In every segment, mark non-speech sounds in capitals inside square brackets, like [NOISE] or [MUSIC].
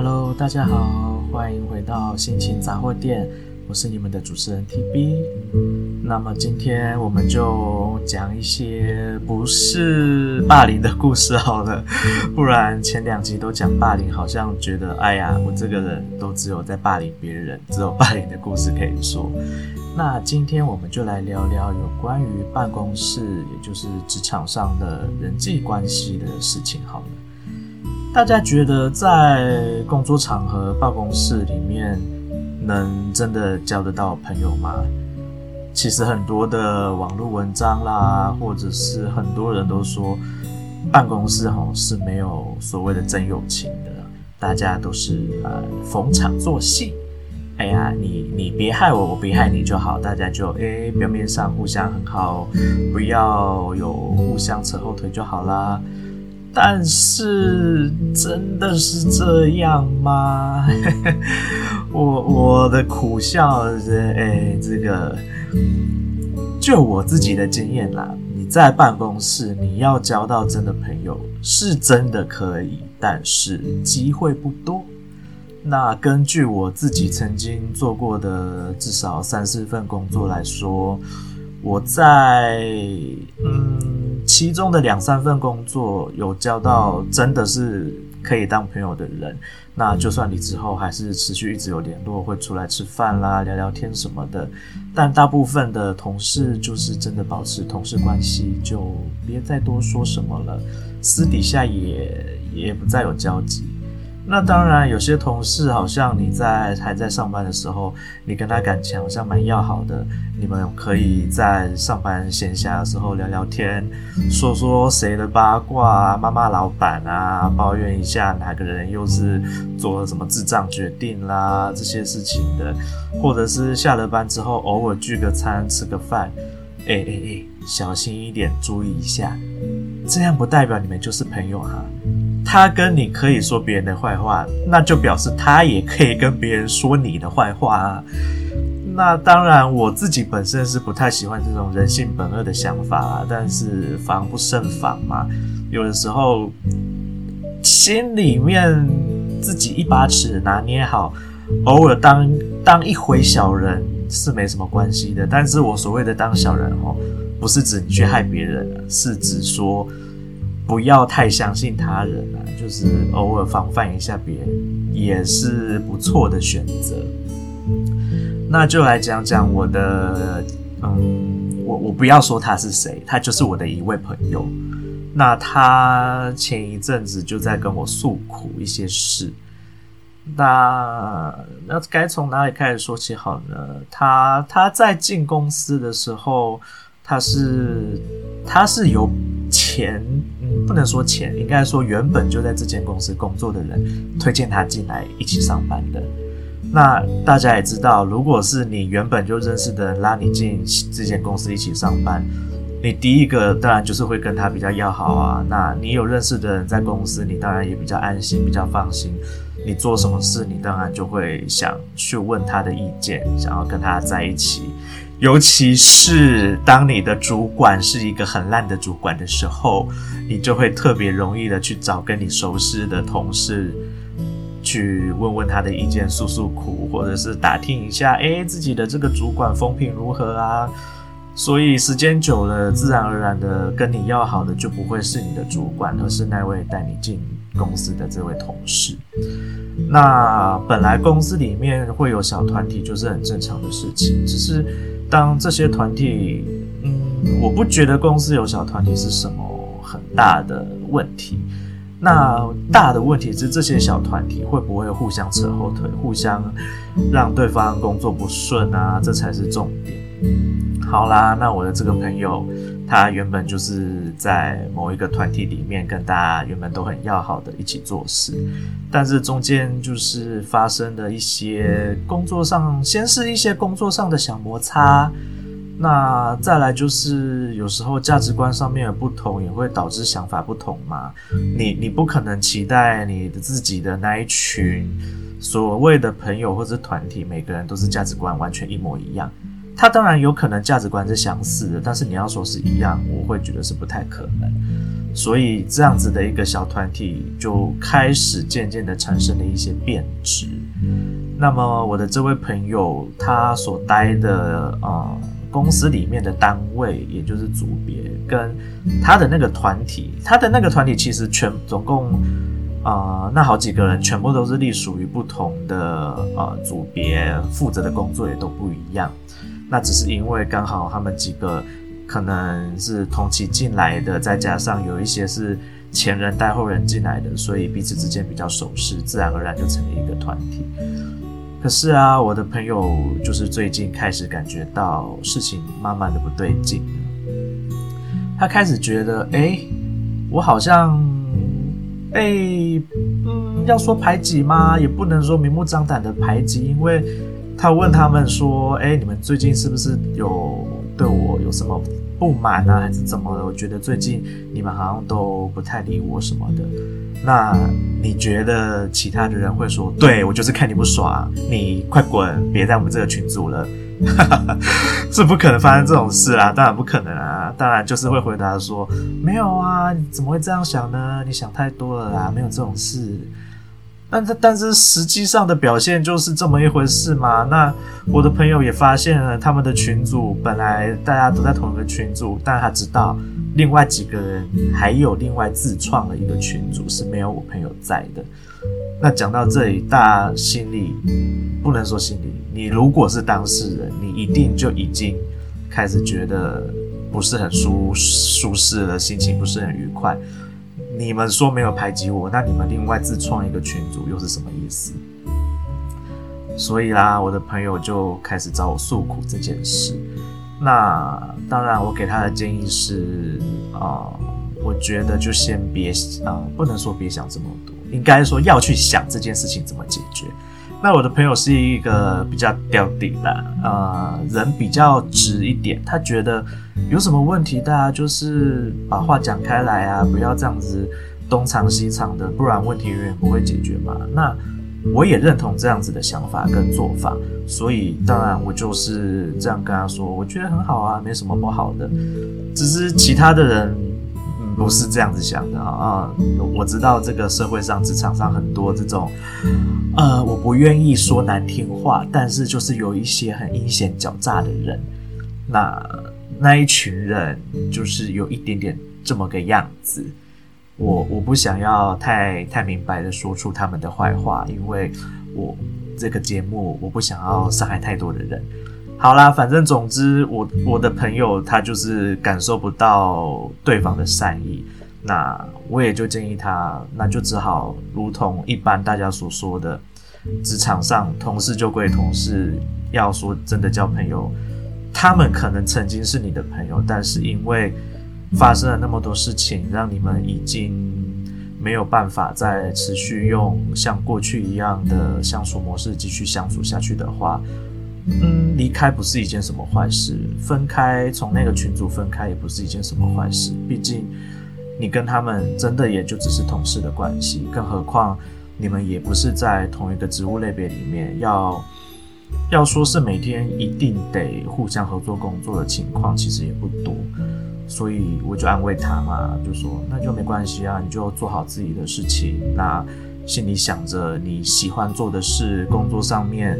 Hello，大家好，歡迎回到心情雜貨店，我是你們的主持人 TB。那麼今天我們就講一些不是霸凌的故事好了，不然前兩集都講霸凌，好像覺得哎呀，我這個人都只有在霸凌別人，只有霸凌的故事可以說。那今天我們就來聊聊有關於辦公室，也就是職場上的人際關係的事情好了。大家覺得在工作場合、辦公室裡面能真的交得到朋友嗎？其實很多的網絡文章啦，或者是很多人都說，辦公室吼是沒有所謂的真友情的，大家都是呃逢場作戲。哎呀，你你別害我，我別害你就好，大家就哎、欸，表面上互相很好，不要有互相扯後腿就好啦。但是真的是這樣嗎？ [LAUGHS] 我我的苦笑是，誒、欸，這個，就我自己的經驗啦，你在辦公室，你要交到真的朋友，是真的可以，但是機會不多。那根據我自己曾經做過的至少三四份工作來說，我在嗯。其中的兩三份工作有交到真的是可以當朋友的人，那就算你之後還是持續一直有聯絡，會出來吃飯啦、聊聊天什麼的。但大部分的同事就是真的保持同事關係，就別再多說什麼了，私底下也也不再有交集。那當然，有些同事好像你在還在上班的時候，你跟他感情好像蠻要好的，你們可以在上班閒暇的時候聊聊天，說說誰的八卦啊，罵罵老闆啊，抱怨一下哪個人又是做了什麼智障決定啦，這些事情的，或者是下了班之後偶爾聚個餐吃個飯，哎哎哎，小心一點，注意一下，這樣不代表你們就是朋友哈、啊。他跟你可以說別人的壞話，那就表示他也可以跟別人說你的壞話啊。那當然，我自己本身是不太喜歡這種人性本惡的想法啊，但是防不勝防嘛，有的時候心裡面自己一把尺拿捏好，偶爾當當一回小人是沒什麼關係的。但是我所謂的當小人哦，不是指你去害別人，是指說。不要太相信他人啊，就是偶爾防範一下別人也是不錯的選擇。那就來講講我的，嗯，我我不要說他是誰，他就是我的一位朋友。那他前一陣子就在跟我訴苦一些事。那那該從哪裡開始說起好呢？他他在進公司的時候，他是他是有。錢，嗯，不能說錢，應該說原本就在這間公司工作的人推薦他進來一起上班的。那大家也知道，如果是你原本就認識的人拉你進這間公司一起上班，你第一個當然就是會跟他比較要好啊。嗯、那你有認識的人在公司，你當然也比較安心、比較放心。你做什麼事，你當然就會想去問他的意見，想要跟他在一起。尤其是當你的主管是一個很爛的主管的時候，你就會特別容易的去找跟你熟悉的同事去問問他的意見、訴訴苦，或者是打聽一下，哎、欸，自己的這個主管風評如何啊？所以時間久了，自然而然的跟你要好的就不會是你的主管，而是那位帶你進公司的這位同事。那本來公司裡面會有小團體，就是很正常的事情，只是。當這些團體，嗯，我不覺得公司有小團體是什麼很大的問題。那大的問題是這些小團體會不會互相扯後腿，互相讓對方工作不順啊？這才是重點。好啦，那我的這個朋友。他原本就是在某一個團體裡面，跟大家原本都很要好的一起做事，但是中間就是發生的一些工作上，先是一些工作上的小摩擦，那再來就是有時候價值觀上面的不同，也會導致想法不同嘛。你你不可能期待你的自己的那一群所謂的朋友或者團體，每個人都是價值觀完全一模一樣。他當然有可能價值觀是相似的，但是你要說是一樣，我會覺得是不太可能。所以這樣子的一個小團體，就開始漸漸的產生了一些變質。嗯、那麼我的這位朋友，他所待的啊、呃、公司裡面的單位，也就是組別，跟他的那個團體，他的那個團體其實全總共啊、呃，那好幾個人全部都是隸屬於不同的啊、呃、組別，負責的工作也都不一樣。那只是因為剛好他們幾個可能是同期進來的，再加上有一些是前人帶後人進來的，所以彼此之間比較熟識，自然而然就成了一個團體。可是啊，我的朋友就是最近開始感覺到事情慢慢的不對勁，他開始覺得，誒、欸，我好像被、欸，嗯，要說排擠嗎？也不能說明目張膽的排擠，因為。他問他們說：“誒、欸，你們最近是不是有對我有什麼不滿啊？還是怎麼的？我覺得最近你們好像都不太理我什麼的。那你覺得其他的人會說，對，我就是看你不爽，你快滾，別在我們這個群組了。這 [LAUGHS] 不可能發生這種事啊，當然不可能啊，當然就是會回答說，沒有啊，怎麼會這樣想呢？你想太多了啦，沒有這種事。”那這但，但是實際上的表現就是這麼一回事嘛。那我的朋友也發現了，他們的群組本來大家都在同一個群組，但他知道另外幾個人還有另外自創的一個群組是沒有我朋友在的。那講到這裡，大家心裡不能說心裡，你如果是當事人，你一定就已經開始覺得不是很舒舒適了，心情不是很愉快。你們說沒有排擠我，那你們另外自創一個群組又是什麼意思？所以啦，我的朋友就開始找我訴苦這件事。那當然，我給他的建議是，呃，我覺得就先別，呃，不能說別想這麼多，應該說要去想這件事情怎麼解決。那我的朋友是一個比較吊頂啦，呃，人比較直一點。他覺得有什麼問題，啊，大家就是把話講開來啊，不要這樣子東藏西藏的，不然問題永遠不會解決嘛。那我也認同這樣子的想法跟做法，所以當然我就是這樣跟他說，我覺得很好啊，沒什麼不好的，只是其他的人。不是這樣子想的啊，啊，我知道這個社會上、職場上很多這種，呃，我不願意說難聽話，但是就是有一些很陰險狡詐的人，那那一群人就是有一點點這麼個樣子。我我不想要太太明白的說出他們的壞話，因為我這個節目我不想要傷害太多的人。好啦，反正總之我，我我的朋友他就是感受不到對方的善意，那我也就建議他，那就只好如同一般大家所說的，職場上同事就歸同事，要說真的交朋友，他們可能曾經是你的朋友，但是因為發生了那麼多事情，讓你們已經沒有辦法再持續用像過去一樣的相處模式繼續相處下去的話。嗯，離開不是一件什麼壞事，分開從那個群組分開也不是一件什麼壞事。畢竟，你跟他們真的也就只是同事的關係，更何況你們也不是在同一個職務類別裡面。要要說是每天一定得互相合作工作的情況，其實也不多。所以我就安慰他嘛，就說那就沒關係啊，你就做好自己的事情。那心裡想着你喜歡做的事，工作上面。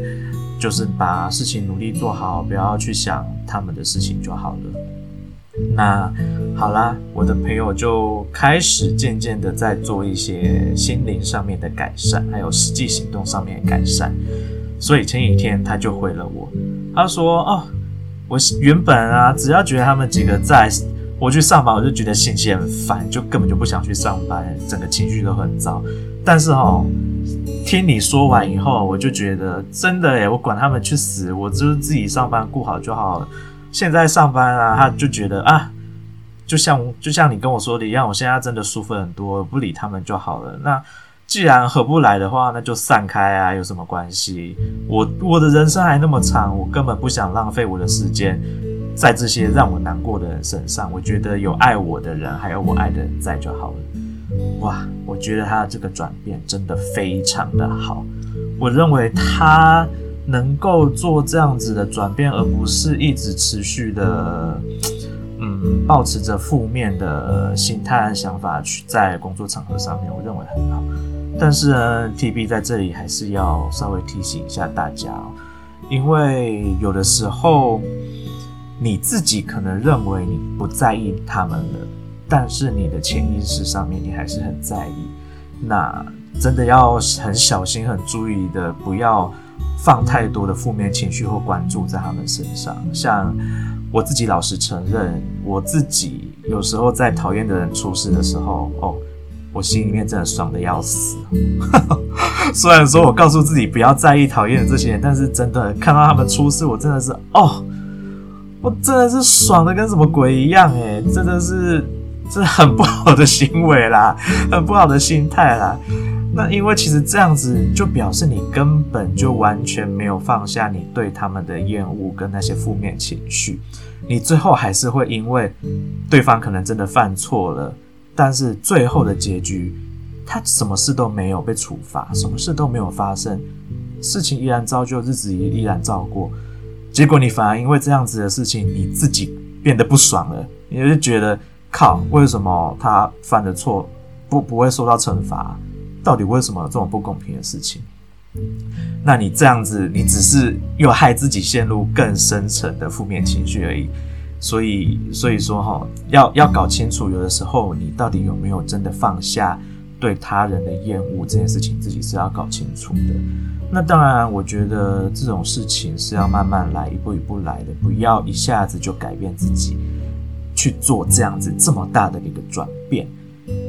就是把事情努力做好，不要去想他們的事情就好了。那好啦，我的朋友就開始漸漸的在做一些心靈上面的改善，還有實際行動上面的改善。所以前幾天他就回了我，他說：“哦，我原本啊，只要覺得他們幾個在我去上班，我就覺得心情很煩，就根本就不想去上班，整個情緒都很糟。但是哈、哦。”聽你說完以後，我就覺得真的哎，我管他們去死，我就是自己上班顧好就好了。現在上班啊，他就覺得啊，就像就像你跟我說的一樣，我現在真的舒服很多，不理他們就好了。那既然合不來的話，那就散開啊，有什麼關係？我我的人生還那麼長，我根本不想浪費我的時間在這些讓我難過的人身上。我覺得有愛我的人，還有我愛的人在就好了。哇，我覺得他這個轉變真的非常的好。我認為他能夠做這樣子的轉變，而不是一直持續的，嗯，抱持着負面的心態和想法去在工作場合上面，我認為很好。但是呢，TB 在這裡還是要稍微提醒一下大家哦，因為有的時候你自己可能認為你不在意他們了。但是你的潛意識上面，你還是很在意。那真的要很小心，很注意的，不要放太多的負面情緒或關注在他們身上。像我自己，老實承認，我自己有時候在討厭的人出事的時候，哦，我心裡面真的爽得要死。 [LAUGHS] 雖然說我告訴自己不要在意討厭的這些人，但是真的看到他們出事，我真的是哦，我真的是爽得跟什麼鬼一樣誒、欸，真的是。這是很不好的行為啦，很不好的心態啦。那因為其實這樣子就表示你根本就完全沒有放下你對他們的厭惡跟那些負面情緒，你最後還是會因為對方可能真的犯錯了，但是最後的結局他什麼事都沒有被處罰，什麼事都沒有發生，事情依然照舊，日子也依然照過，結果你反而因為這樣子的事情你自己變得不爽了，你就覺得。靠！為什麼他犯的錯不不會受到懲罰啊？到底為什麼有這種不公平的事情？那你這樣子，你只是又害自己陷入更深層的負面情緒而已。所以，所以說哈，要要搞清楚，有的時候你到底有沒有真的放下對他人的厭惡這件事情，自己是要搞清楚的。那當然，我覺得這種事情是要慢慢來，一步一步來的，不要一下子就改變自己。去做這樣子這麼大的一個轉變，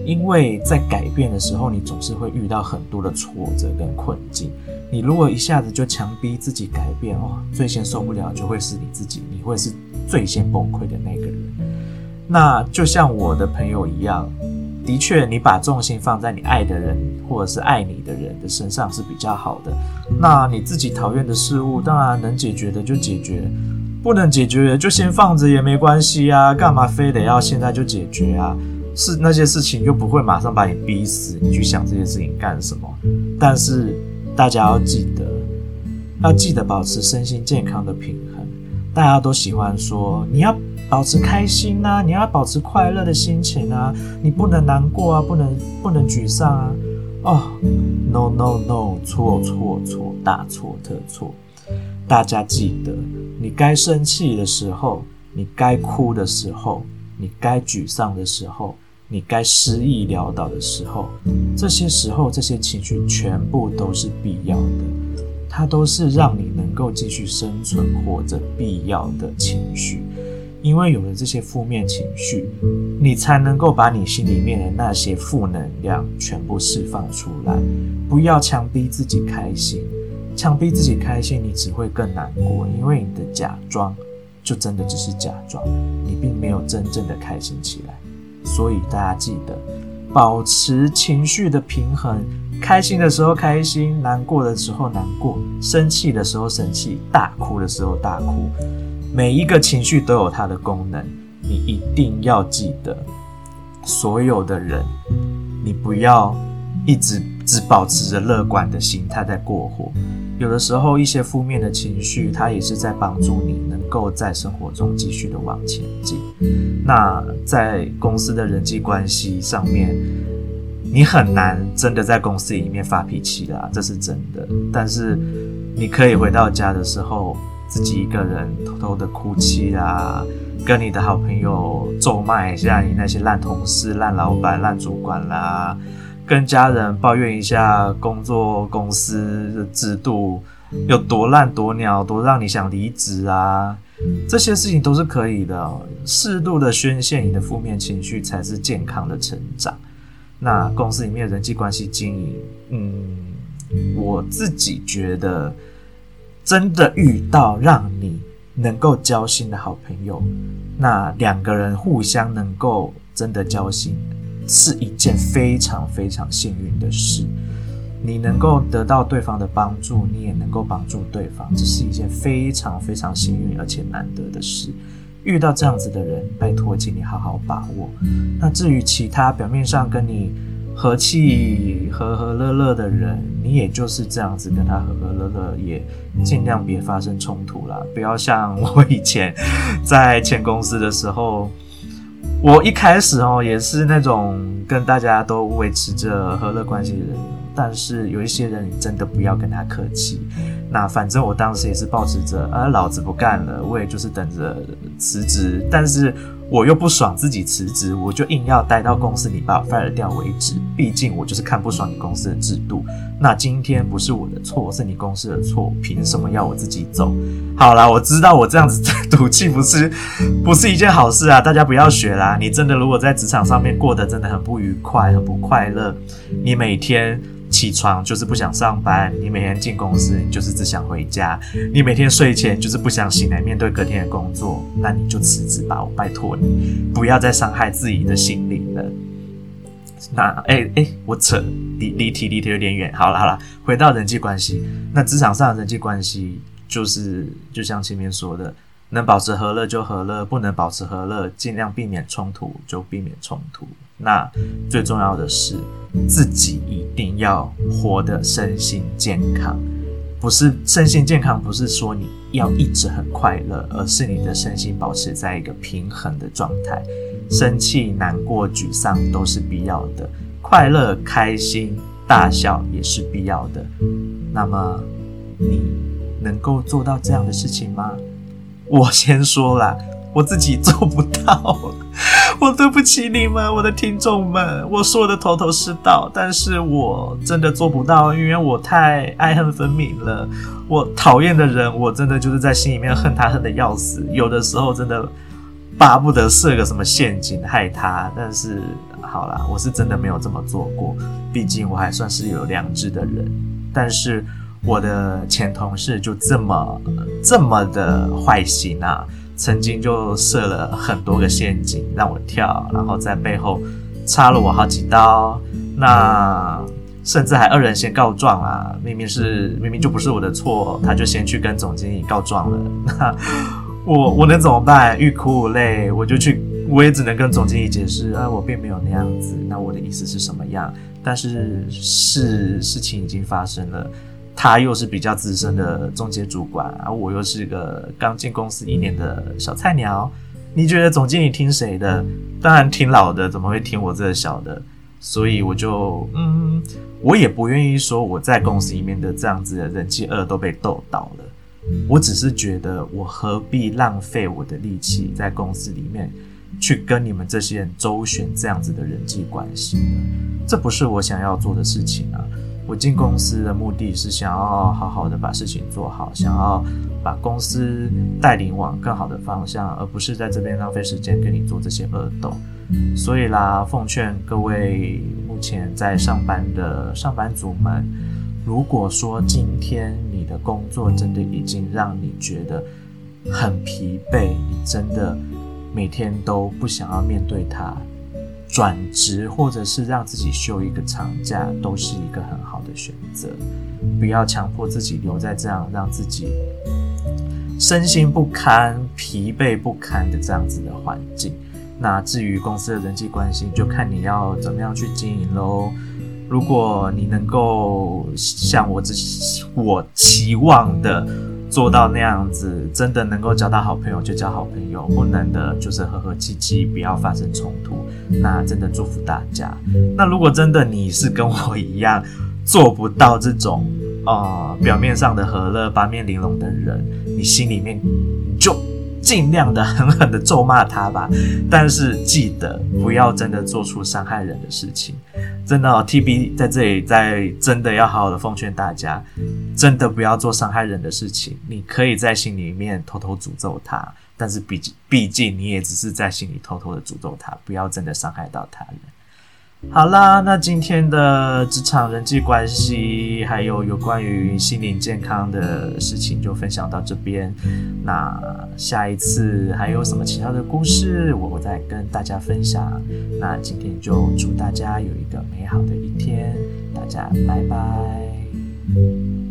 因為在改變的時候，你總是會遇到很多的挫折跟困境。你如果一下子就強逼自己改變哦，最先受不了就會是你自己，你會是最先崩潰的那個人。那就像我的朋友一樣，的確，你把重心放在你愛的人或者是愛你的人的身上是比較好的。那你自己討厭的事物，當然能解決的就解決。不能解決就先放着也沒關係啊，幹嘛非得要現在就解決啊？是那些事情就不會馬上把你逼死，你去想這些事情幹什麼？但是大家要記得，要記得保持身心健康的平衡。大家都喜歡說你要保持開心啊，你要保持快樂的心情啊，你不能難過啊，不能不能沮喪啊。哦，no no no，錯錯錯，大錯特錯。大家記得，你該生氣的時候，你該哭的時候，你該沮喪的時候，你該失意潦倒的時候，這些時候，這些情緒全部都是必要的，它都是讓你能夠繼續生存或者必要的情緒。因為有了這些負面情緒，你才能夠把你心裡面的那些負能量全部釋放出來。不要強逼自己開心。強迫自己開心，你只會更難過，因為你的假裝就真的只是假裝，你並沒有真正的開心起來。所以大家記得保持情緒的平衡，開心的時候開心，難過的時候難過，生氣的時候生氣，大哭的時候大哭。每一個情緒都有它的功能，你一定要記得。所有的人，你不要一直。只保持着樂觀的心態在過活，有的時候一些負面的情緒，它也是在幫助你能夠在生活中繼續的往前進。那在公司的人際關係上面，你很難真的在公司裡面發脾氣的，這是真的。但是你可以回到家的時候，自己一個人偷偷的哭泣啦、啊，跟你的好朋友咒罵一下你那些爛同事、爛老闆、爛主管啦。跟家人抱怨一下工作、公司的制度有多爛多鳥多讓你想離職啊，這些事情都是可以的哦，適度的宣洩你的負面情緒才是健康的成長。那公司裡面的人際關係經營，嗯，我自己覺得，真的遇到讓你能夠交心的好朋友，那兩個人互相能夠真的交心，是一件非常非常幸運的事，你能夠得到對方的幫助，你也能夠幫助對方，這是一件非常非常幸運而且難得的事。遇到這樣子的人，拜托，請你好好把握。那至於其他表面上跟你和氣和和樂樂的人，你也就是這樣子跟他和和樂樂，也儘量別發生衝突啦。不要像我以前在前公司的時候。我一開始哦，也是那種跟大家都維持着和樂關係的人，但是有一些人，你真的不要跟他客氣。那反正我當時也是抱持著，啊，老子不幹了，我也就是等着辭職。但是。我又不爽自己辭職，我就硬要待到公司你把我 fire 掉為止。畢竟我就是看不爽你公司的制度。那今天不是我的錯，是你公司的錯，憑什麼要我自己走？好啦，我知道我這樣子在賭氣不是不是一件好事啊！大家不要學啦。你真的如果在職場上面過得真的很不愉快、很不快樂，你每天起床就是不想上班，你每天進公司你就是只想回家，你每天睡前就是不想醒來面對隔天的工作，那你就辭職吧，我拜托你。不要再傷害自己的心靈了。那，哎、欸、哎、欸，我扯離離題，離題有點遠。好啦好啦，回到人際關係。那職場上的人際關係就是，就像前面說的，能保持和樂就和樂，不能保持和樂，盡量避免衝突就避免衝突。那最重要的是，自己一定要活得身心健康。不是身心健康，不是說你。要一直很快樂，而是你的身心保持在一個平衡的狀態。生氣、難過、沮喪都是必要的，快樂、開心、大笑也是必要的。那麼，你能夠做到這樣的事情嗎？我先說啦。我自己做不到，我對不起你們，我的聽眾們。我說的頭頭是道，但是我真的做不到，因為我太愛恨分明了。我討厭的人，我真的就是在心裡面恨他恨得要死，有的時候真的巴不得設個什麼陷阱害他。但是，好啦，我是真的沒有這麼做過，畢竟我還算是有良知的人。但是，我的前同事就這麼這麼的壞心啊！曾經就設了很多個陷阱讓我跳，然後在背後插了我好幾刀，那甚至還惡人先告狀啦、啊，明明是明明就不是我的錯，他就先去跟總經理告狀了。那我我能怎麼辦？欲哭無淚，我就去，我也只能跟總經理解釋，呃、啊，我並沒有那樣子。那我的意思是什麼樣？但是是事情已經發生了。他又是比較資深的中介主管，而我又是個剛進公司一年的小菜鳥。你覺得總經理聽誰的？當然聽老的，怎麼會聽我這小的？所以我就，嗯，我也不願意說我在公司裡面的這樣子的人際惡鬥都被鬥倒了。我只是覺得，我何必浪費我的力氣在公司裡面去跟你們這些人周旋這樣子的人際關係呢？這不是我想要做的事情啊。我進公司的目的是想要好好的把事情做好，想要把公司帶領往更好的方向，而不是在這邊浪費時間跟你做這些惡鬥。所以啦，奉勸各位目前在上班的上班族們，如果說今天你的工作真的已經讓你覺得很疲憊，你真的每天都不想要面對它。轉職，或者是讓自己休一個長假，都是一個很好的選擇。不要強迫自己留在這樣讓自己身心不堪、疲憊不堪的這樣子的環境。那至於公司的人際關係，就看你要怎麼樣去經營咯。如果你能夠像我自我期望的做到那樣子，真的能夠交到好朋友，就交好朋友；不能的，就是和和氣氣，不要發生衝突。那真的祝福大家。那如果真的你是跟我一樣，做不到這種哦、呃、表面上的和樂八面玲瓏的人，你心裡面就尽量的狠狠的咒罵他吧。但是記得不要真的做出傷害人的事情。真的哦，T B 在這裡在真的要好好的奉勸大家，真的不要做傷害人的事情。你可以在心裡面偷偷詛咒他。但是畢竟畢竟你也只是在心裡偷偷的詛咒他，不要真的傷害到他人。好啦，那今天的職場人際關係，還有有關於心靈健康的事情就分享到這邊。那下一次還有什麼其他的故事我，我再跟大家分享。那今天就祝大家有一個美好的一天，大家拜拜。